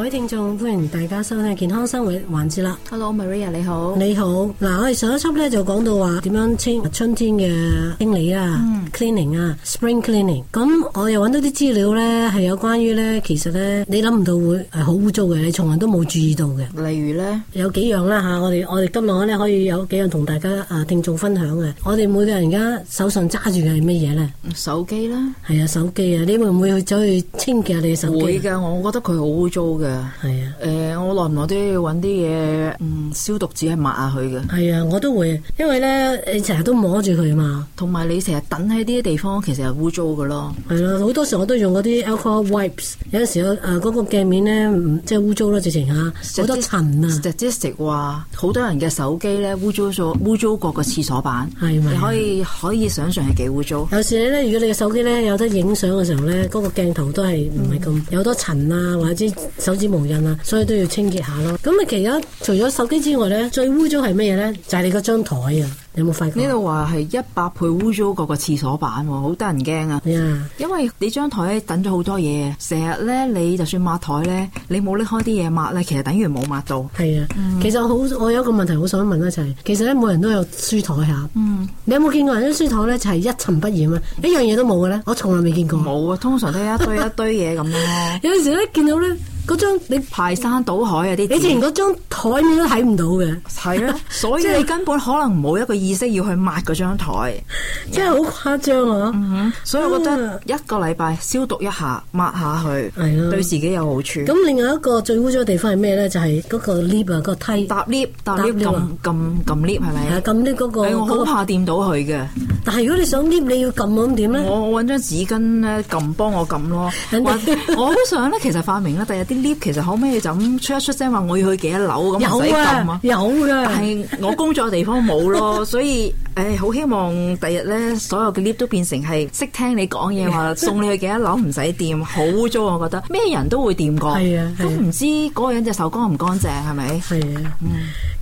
各位聽眾，歡迎大家收聽健康生活環節啦。Hello Maria，你好，你好。嗱，我哋上一輯咧就講到話點樣清春天嘅清理啊，cleaning 啊，spring cleaning。咁我又揾到啲資料咧，係有關於咧，其實咧你諗唔到會係好污糟嘅，你從來都冇注意到嘅。例如咧，有幾樣啦吓，我哋我哋今日咧可以有幾樣同大家啊聽眾分享嘅。我哋每個人而家手上揸住嘅係乜嘢咧？手機啦，係啊，手機啊，你會唔會去走去清潔下你嘅手機？會㗎，我覺得佢好污糟嘅。係是啊，誒、呃，我耐唔耐都要搵啲嘢，嗯，消毒紙去抹下佢嘅。係啊，我都會，因為咧，你成日都摸住佢嘛，同埋你成日等喺呢啲地方，其實係污糟嘅咯。係咯、啊，好多時候我都用嗰啲 alcohol wipes，有陣時啊，嗰、呃那個鏡面咧，即係污糟啦，直情啊，好多塵啊。Statistic 話，好多人嘅手機咧污糟咗，污糟過個廁所板，係嘛、啊？你可以可以想象係幾污糟。有時咧，如果你嘅手機咧有得影相嘅時候咧，嗰、那個鏡頭都係唔係咁，有多塵啊，或者。手指無印啊，所以都要清潔下咯。咁啊，其實除咗手機之外咧，最污糟係乜嘢咧？就係、是、你嗰張台啊！你有冇發覺？呢度話係一百倍污糟過個廁所板，好得人驚啊！Yeah. 因為你張台等咗好多嘢，成日咧你就算抹台咧，你冇拎開啲嘢抹咧，其實等於冇抹到。係啊，嗯、其實好，我有一個問題好想問就係、是。其實每人都有書台下。嗯、你有冇見過人張書台咧係一塵不染啊？嗯、一樣嘢都冇嘅咧？我從來未見過。冇啊，通常都係一堆一堆嘢咁咯。有陣時咧見到咧。嗰張你排山倒海啊啲，你連嗰張台面都睇唔到嘅。係啊，所以你根本可能冇一個意識要去抹嗰張台，真係好誇張啊！所以我覺得一個禮拜消毒一下，抹下去係對自己有好處。咁另外一個最污糟嘅地方係咩咧？就係嗰個 lift 啊，個梯搭 lift，搭 lift 撳撳 lift 係咪？係撳 lift 嗰個，我好怕掂到佢嘅。但係如果你想 lift，你要撳點咧？我我揾張紙巾咧撳，幫我撳咯。我我想咧，其實發明咧，第日啲。lift 其實可唔可以就咁出一出聲，話我要去幾多樓，咁唔使撳啊？有噶，但係我工作嘅地方冇咯，所以誒，好希望第日咧所有嘅 lift 都變成係識聽你講嘢，話送你去幾多樓，唔使掂。好污糟我覺得咩人都會掂過，都唔知嗰個人隻手乾唔乾淨係咪？係啊，嗯。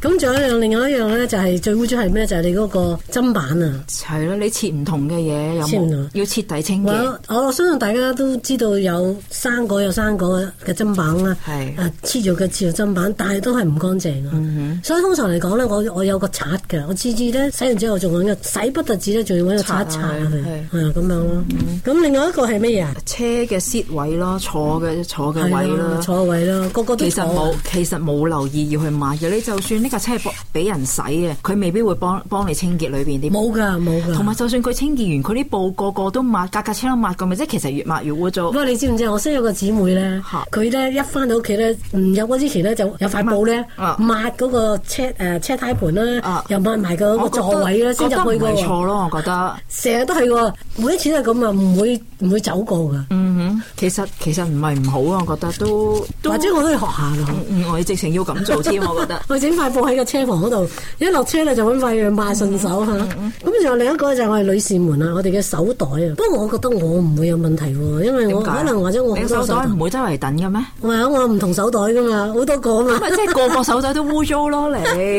咁仲有一樣，另外一樣咧，就係最污糟係咩？就係你嗰個砧板啊！係咯，你切唔同嘅嘢，有冇要徹底清潔？我的、哦、相信大家都知道有生果有生果嘅砧板啦，係的啊，切肉嘅切肉砧板，但係都係唔乾淨啊！嗯、哼所以通常嚟講咧，我我有個刷嘅，我次次咧洗完之後，仲揾個洗不特止咧，仲要揾個刷刷下嘅，係咁樣咯。咁另外一個係咩嘢啊？車嘅 sit 位咯，坐嘅坐嘅位咯，坐位咯，個個都其實冇，其實冇留意要去買嘅。你就算架車係俾人洗嘅，佢未必會幫幫你清潔裏邊啲。冇噶，冇噶。同埋就算佢清潔完，佢啲布個個都抹，架架車都抹噶咪，即係其實越抹越污糟，啊。不過你知唔知我識有個姊妹咧，佢咧一翻到屋企咧，唔入屋之前咧就有塊布咧抹嗰、啊、個車誒、呃、車胎盤啦，啊、又抹埋個座位啦，先入去噶。個我覺，覺錯咯，我覺得。成日都係喎，每一次都係咁啊，唔會唔會，會走過噶。嗯其實其實唔係唔好啊，我覺得都或者我都係學下咯。我直情要咁做添，我覺得我整塊布喺個車房嗰度，一落車咧就搵塊布抹順手吓。咁仲有另一個就係我哋女士們啊，我哋嘅手袋啊。不過我覺得我唔會有問題，因為我可能或者我手袋唔會周圍等嘅咩？唔係啊，我唔同手袋噶嘛，好多個嘛。即係個個手袋都污糟咯，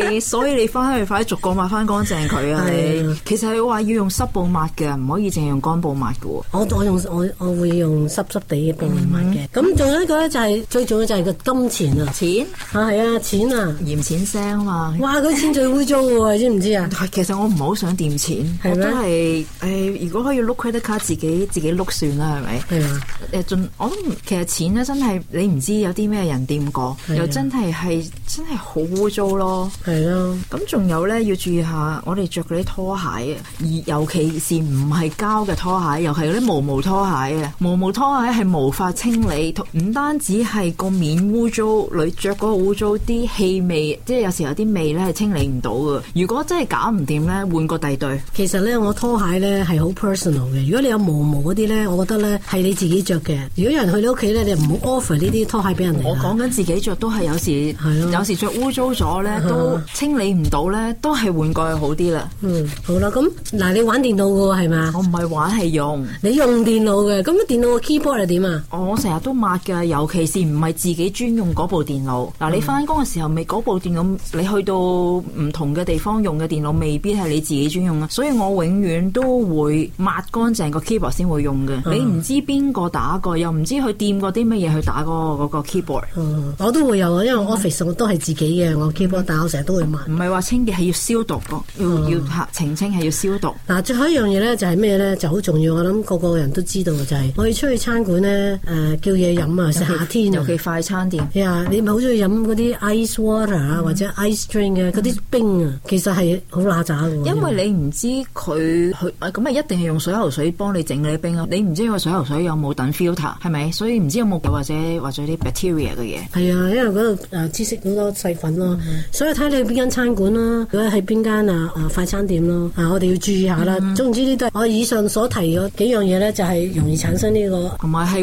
你所以你翻去快啲逐個抹翻乾淨佢啊，你。其實係話要用濕布抹嘅，唔可以淨係用乾布抹嘅。我我用我我會用濕。濕地嘅布料物嘅，咁仲、嗯、有一個咧就係、是、最重要就係個金錢，錢啊，啊錢啊係啊錢啊嫌錢腥啊嘛，話佢錢最污糟嘅你知唔知啊？其實我唔係好想掂錢，嗎我都係誒如果可以碌 credit 卡自己自己碌算啦係咪？係啊，誒盡嗎我都其實錢咧真係你唔知有啲咩人掂過，的又真係係真係好污糟咯。係咯的，咁仲有咧要注意下，我哋着嗰啲拖鞋啊，而尤其是唔係膠嘅拖鞋，又係嗰啲毛毛拖鞋啊，毛毛拖鞋。係無法清理，唔單止係個面污糟，你着嗰個污糟啲氣味，即係有時有啲味咧係清理唔到噶。如果真係搞唔掂咧，換個第二對。其實咧，我拖鞋咧係好 personal 嘅。如果你有毛毛嗰啲咧，我覺得咧係你自己着嘅。如果有人去你屋企咧，你唔好 offer 呢啲拖鞋俾人。我講緊自己着都係有時係咯，啊、有時着污糟咗咧都清理唔到咧，都係換個去好啲啦。嗯，好啦，咁嗱，你玩電腦噶係嘛？我唔係玩，係用。你用電腦嘅，咁啊電腦個 k e y b 我點啊？我成日都抹噶，尤其是唔係自己專用嗰部電腦。嗱，你翻工嘅時候，咪嗰、嗯、部電腦，你去到唔同嘅地方用嘅電腦，未必係你自己專用啊。所以我永遠都會抹乾淨個 keyboard 先會用嘅。嗯、你唔知邊個打過，又唔知佢掂過啲乜嘢去打、那個嗰個 keyboard、嗯。我都會有啊，因為 office 我都係自己嘅，我 keyboard 打我成日都會抹。唔係話清潔，係要消毒個，要擦澄清，係要消毒。嗱，最後、嗯嗯、一樣嘢咧就係咩咧？就好重要，我諗個個人都知道嘅就係、是、我要出去餐館咧，誒、呃、叫嘢飲啊，夏天、啊、尤其快餐店。啊，yeah, 你咪好中意飲嗰啲 ice water 啊，嗯、或者 ice drink 嘅嗰啲冰啊，其實係好垃圾嘅。因為你唔知佢佢咁啊，一定係用水喉水幫你整嗰啲冰啊。你唔知個水喉水有冇等 filter，係咪？所以唔知有冇或者或者啲 bacteria 嘅嘢。係啊、嗯，因為嗰度誒滋生好多細菌咯。所以睇你去邊間餐館啦、啊，佢喺邊間啊誒快餐店咯。啊，我哋要注意下啦、啊。嗯、總之呢都係我以上所提嘅幾樣嘢咧，就係、是、容易產生呢、這個。同埋係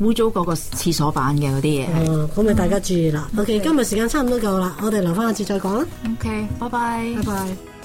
污污糟嗰個廁所板嘅嗰啲嘢，哦，咁咪大家注意啦、嗯。OK，okay，今日時間差唔多夠啦，我哋留翻下次再講啦。OK，拜拜。拜拜。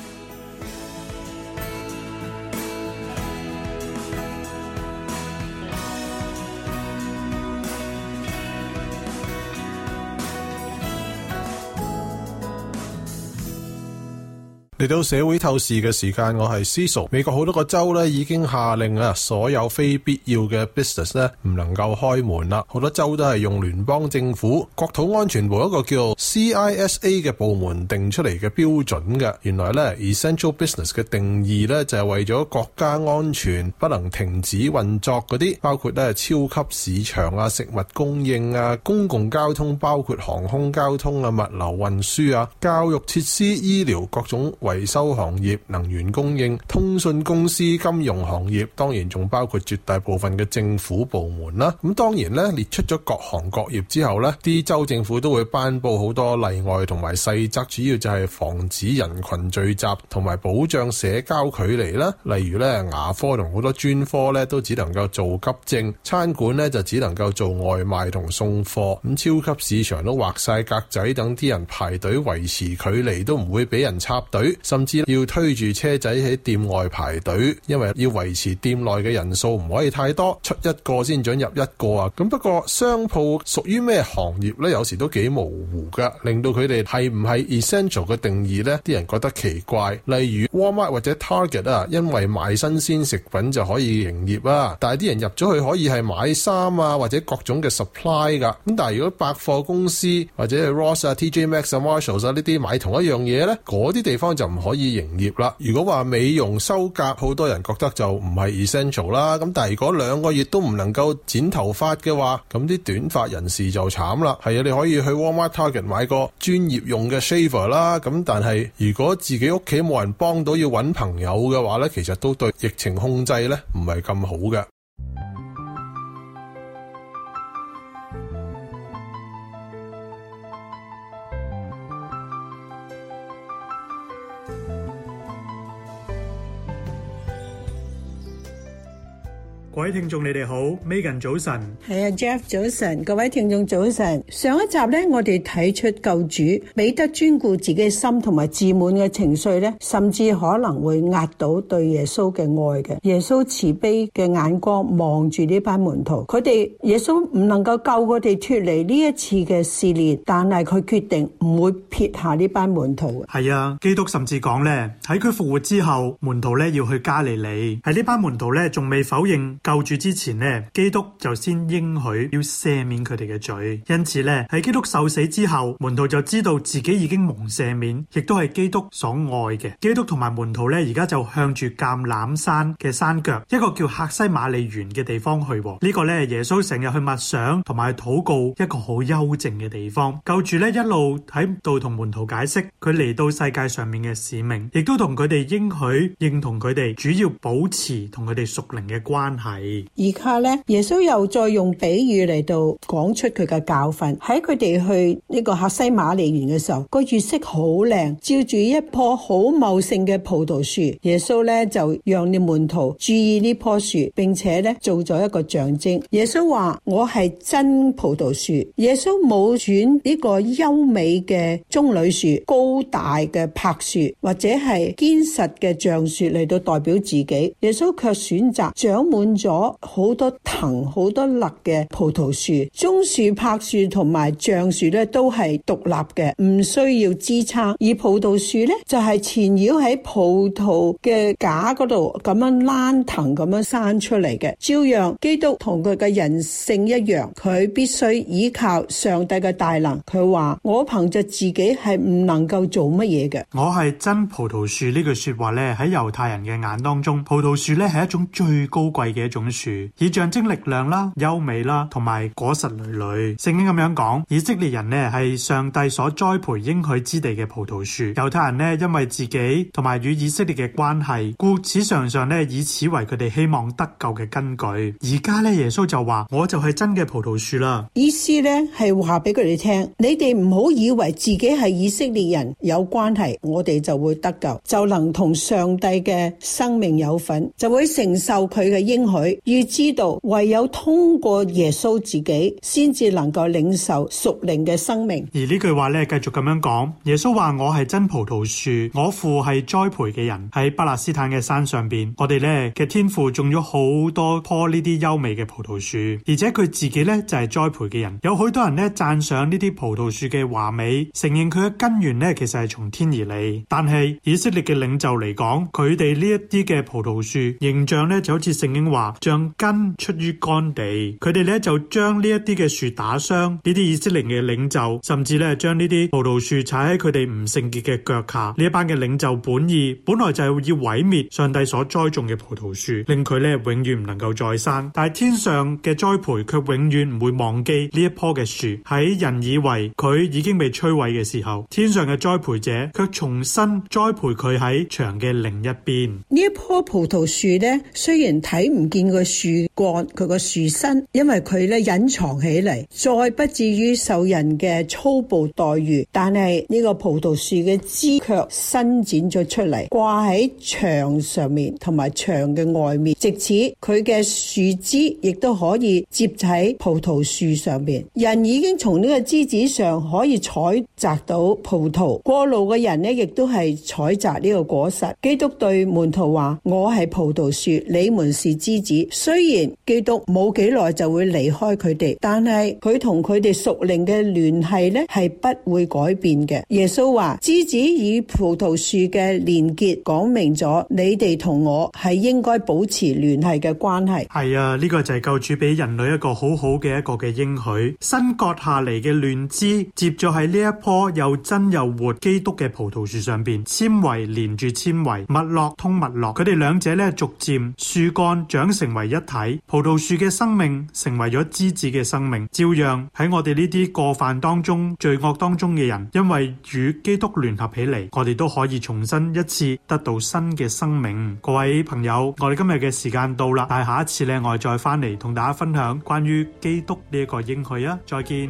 嚟到社會透視嘅時間，我係司 o 美國好多個州咧已經下令啊，所有非必要嘅 business 咧唔能夠開門啦。好多州都係用聯邦政府國土安全部一個叫 CISA 嘅部門定出嚟嘅標準嘅。原來咧 essential business 嘅定義咧就係、是、為咗國家安全不能停止運作嗰啲，包括咧超級市場啊、食物供應啊、公共交通，包括航空交通啊、物流運輸啊、教育設施、醫療各種維修行業、能源供應、通訊公司、金融行業，當然仲包括絕大部分嘅政府部門啦。咁當然呢，列出咗各行各業之後呢啲州政府都會頒布好多例外同埋細則，主要就係防止人群聚集同埋保障社交距離啦。例如呢，牙科同好多專科呢都只能夠做急症，餐館呢就只能夠做外賣同送貨。咁超級市場都畫晒格仔，等啲人排隊維持距離，都唔會俾人插隊。甚至要推住車仔喺店外排隊，因為要維持店內嘅人數唔可以太多，出一個先準入一個啊！咁不過商鋪屬於咩行業呢？有時都幾模糊噶，令到佢哋係唔係 essential 嘅定義呢，啲人覺得奇怪。例如 Walmart 或者 Target 啊，因為賣新鮮食品就可以營業啊。但係啲人入咗去可以係買衫啊，或者各種嘅 supply 噶。咁但係如果百貨公司或者係 Ross 啊、TJ Max 啊、Marshalls 啊呢啲買同一樣嘢呢，嗰啲地方就～唔可以營業啦。如果話美容修甲，好多人覺得就唔係 essential 啦。咁但係如果兩個月都唔能夠剪頭髮嘅話，咁啲短髮人士就慘啦。係啊，你可以去 Walmart Target 買個專業用嘅 shaver 啦。咁但係如果自己屋企冇人幫到，要揾朋友嘅話呢，其實都對疫情控制呢唔係咁好嘅。各位聽眾你哋好。Megan 早晨，係啊，Jeff 早晨，各位聽眾早晨。上一集咧，我哋睇出救主彼得專顧自己心同埋自滿嘅情緒咧，甚至可能會壓倒對耶穌嘅愛嘅。耶穌慈悲嘅眼光望住呢班門徒，佢哋耶穌唔能夠救佢哋脫離呢一次嘅試煉，但係佢決定唔會撇下呢班門徒。係啊，基督甚至講咧，喺佢復活之後，門徒咧要去加利利，喺呢班門徒咧仲未否認救主之前呢，基督就先應許要赦免佢哋嘅罪。因此呢，喺基督受死之後，門徒就知道自己已經蒙赦免，亦都係基督所愛嘅。基督同埋門徒呢，而家就向住橄欖山嘅山腳，一個叫客西馬利園嘅地方去。呢個呢，耶穌成日去默想同埋禱告一個好幽靜嘅地方。救主呢，一路喺度同門徒解釋佢嚟到世界上面嘅使命，亦都同佢哋應許認同佢哋，主要保持同佢哋屬靈嘅關係。而家咧，耶穌又再用比喻嚟到講出佢嘅教訓。喺佢哋去呢個客西馬尼園嘅時候，個月色好靚，照住一棵好茂盛嘅葡萄樹。耶穌咧就讓啲門徒注意呢棵樹，並且咧做咗一個象徵。耶穌話：我係真葡萄樹。耶穌冇選呢個優美嘅棕櫚樹、高大嘅柏樹，或者係堅實嘅橡樹嚟到代表自己。耶穌卻選擇長滿咗好多藤好多勒嘅葡萄樹。棕樹、柏樹同埋橡樹咧，都係獨立嘅，唔需要支撐。而葡萄樹咧，就係纏繞喺葡萄嘅架嗰度咁樣爛藤咁樣生出嚟嘅。照樣基督同佢嘅人性一樣，佢必須依靠上帝嘅大能。佢話，我憑着自己係唔能夠做乜嘢嘅。我係真葡萄樹呢句說話咧，喺猶太人嘅眼當中，葡萄樹咧係一種最高貴嘅。種樹以象徵力量啦、優美啦，同埋果實累累。聖經咁樣講，以色列人呢，係上帝所栽培應許之地嘅葡萄樹。猶太人呢，因為自己同埋與以色列嘅關係，故此常常呢以此為佢哋希望得救嘅根據。而家呢，耶穌就話：我就係真嘅葡萄樹啦。意思呢係話俾佢哋聽，你哋唔好以為自己係以色列人有關係，我哋就會得救，就能同上帝嘅生命有份，就會承受佢嘅應許。要知道，唯有通過耶穌自己，先至能夠領受屬靈嘅生命。而呢句話咧，繼續咁樣講，耶穌話：我係真葡萄樹，我父係栽培嘅人。喺巴勒斯坦嘅山上邊，我哋咧嘅天父種咗好多棵呢啲優美嘅葡萄樹，而且佢自己咧就係栽培嘅人。有許多人咧讚賞呢啲葡萄樹嘅華美，承認佢嘅根源咧其實係從天而嚟。但係以色列嘅領袖嚟講，佢哋呢一啲嘅葡萄樹形象咧就好似聖經話。將根出於乾地，佢哋咧就將呢一啲嘅樹打傷，呢啲以色列嘅領袖甚至咧將呢啲葡萄樹踩喺佢哋唔聖潔嘅腳下，呢一班嘅領袖本意本來就係要毀滅上帝所栽種嘅葡萄樹，令佢咧永遠唔能夠再生。但係天上嘅栽培卻永遠唔會忘記呢一棵嘅樹，喺人以為佢已經被摧毀嘅時候，天上嘅栽培者卻重新栽培佢喺牆嘅另一邊。呢一棵葡萄樹咧，雖然睇唔。見個樹幹佢個樹身，因為佢咧隱藏起嚟，再不至於受人嘅粗暴待遇。但係呢個葡萄樹嘅枝卻伸展咗出嚟，掛喺牆上面同埋牆嘅外面，藉此佢嘅樹枝亦都可以接喺葡萄樹上邊。人已經從呢個枝子上可以採摘到葡萄，過路嘅人呢亦都係採摘呢個果實。基督對門徒話：我係葡萄樹，你們是枝。子雖然基督冇幾耐就會離開佢哋，但係佢同佢哋屬靈嘅聯繫咧係不會改變嘅。耶穌話：枝子與葡萄樹嘅連結講明咗，你哋同我係應該保持聯繫嘅關係。係啊，呢個就係救主俾人類一個好好嘅一個嘅應許。新割下嚟嘅嫩枝接咗喺呢一棵又真又活基督嘅葡萄樹上邊，纖維連住纖維，脈絡通脈絡，佢哋兩者咧逐漸樹幹長成為一體，葡萄樹嘅生命成為咗枝子嘅生命，照樣喺我哋呢啲過犯當中、罪惡當中嘅人，因為與基督聯合起嚟，我哋都可以重新一次得到新嘅生命。各位朋友，我哋今日嘅時間到啦，但係下一次咧，我哋再翻嚟同大家分享關於基督呢一個應許啊！再見。